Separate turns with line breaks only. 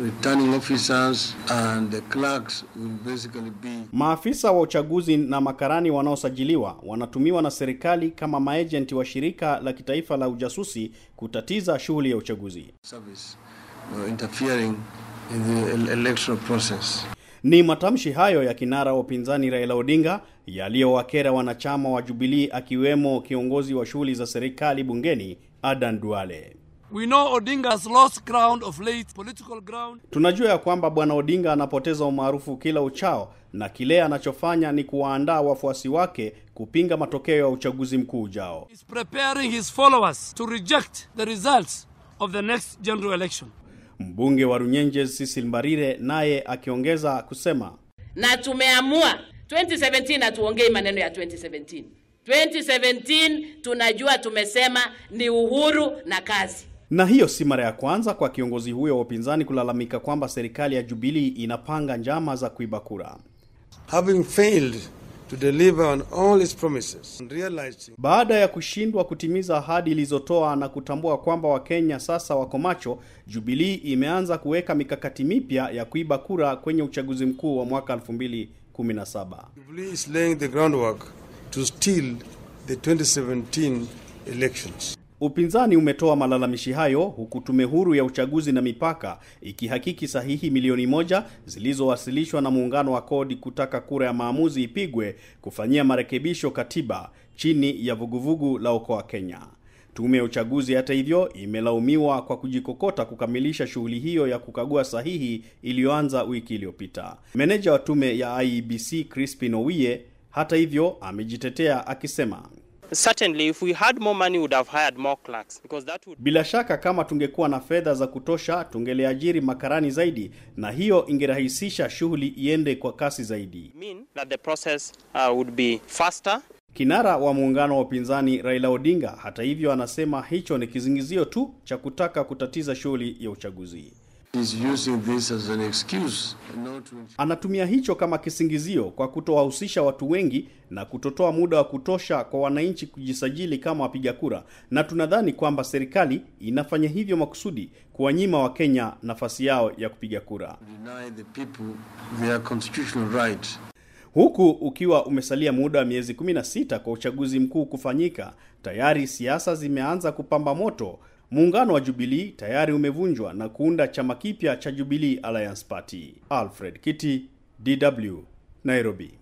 returning officers and the clerks will basically be... Maafisa wa uchaguzi na makarani wanaosajiliwa wanatumiwa na serikali kama maejenti wa shirika la kitaifa la ujasusi kutatiza shughuli ya uchaguzi. Uh, Ni matamshi hayo ya kinara wa upinzani Raila Odinga yaliyowakera wanachama wa jubilii akiwemo kiongozi wa shughuli za serikali bungeni Adan Duale. We know Odinga's lost ground of late, political ground. Tunajua ya kwamba bwana Odinga anapoteza umaarufu kila uchao na kile anachofanya ni kuwaandaa wafuasi wake kupinga matokeo ya uchaguzi mkuu ujao. He's preparing his followers to reject the results of the next general election. Mbunge wa Runyenjes sisil Mbarire naye akiongeza kusema, na tumeamua 2017 hatuongei maneno ya 2017. 2017 tunajua tumesema ni uhuru na kazi. Na hiyo si mara ya kwanza kwa kiongozi huyo wa upinzani kulalamika kwamba serikali ya jubilii inapanga njama za kuiba kura. Baada ya kushindwa kutimiza ahadi ilizotoa na kutambua kwamba Wakenya sasa wako macho, jubilii imeanza kuweka mikakati mipya ya kuiba kura kwenye uchaguzi mkuu wa mwaka 2017. the 2017 elections. Upinzani umetoa malalamishi hayo huku tume huru ya uchaguzi na mipaka ikihakiki sahihi milioni moja zilizowasilishwa na muungano wa kodi kutaka kura ya maamuzi ipigwe kufanyia marekebisho katiba chini ya vuguvugu la Okoa Kenya. Tume ya uchaguzi hata hivyo imelaumiwa kwa kujikokota kukamilisha shughuli hiyo ya kukagua sahihi iliyoanza wiki iliyopita. Meneja wa tume ya IEBC Crispin Owie hata hivyo amejitetea akisema Certainly if we had more money would have hired more clerks because that would... Bila shaka kama tungekuwa na fedha za kutosha tungeliajiri makarani zaidi, na hiyo ingerahisisha shughuli iende kwa kasi zaidi. Mean that the process uh, would be faster. Kinara wa muungano wa upinzani Raila Odinga hata hivyo anasema hicho ni kizingizio tu cha kutaka kutatiza shughuli ya uchaguzi. Anatumia hicho kama kisingizio kwa kutowahusisha watu wengi na kutotoa muda wa kutosha kwa wananchi kujisajili kama wapiga kura, na tunadhani kwamba serikali inafanya hivyo makusudi kuwanyima Wakenya nafasi yao ya kupiga kura, huku ukiwa umesalia muda wa miezi 16 kwa uchaguzi mkuu kufanyika. Tayari siasa zimeanza kupamba moto Muungano wa Jubilee tayari umevunjwa na kuunda chama kipya cha Jubilee Alliance Party. Alfred Kiti, DW, Nairobi.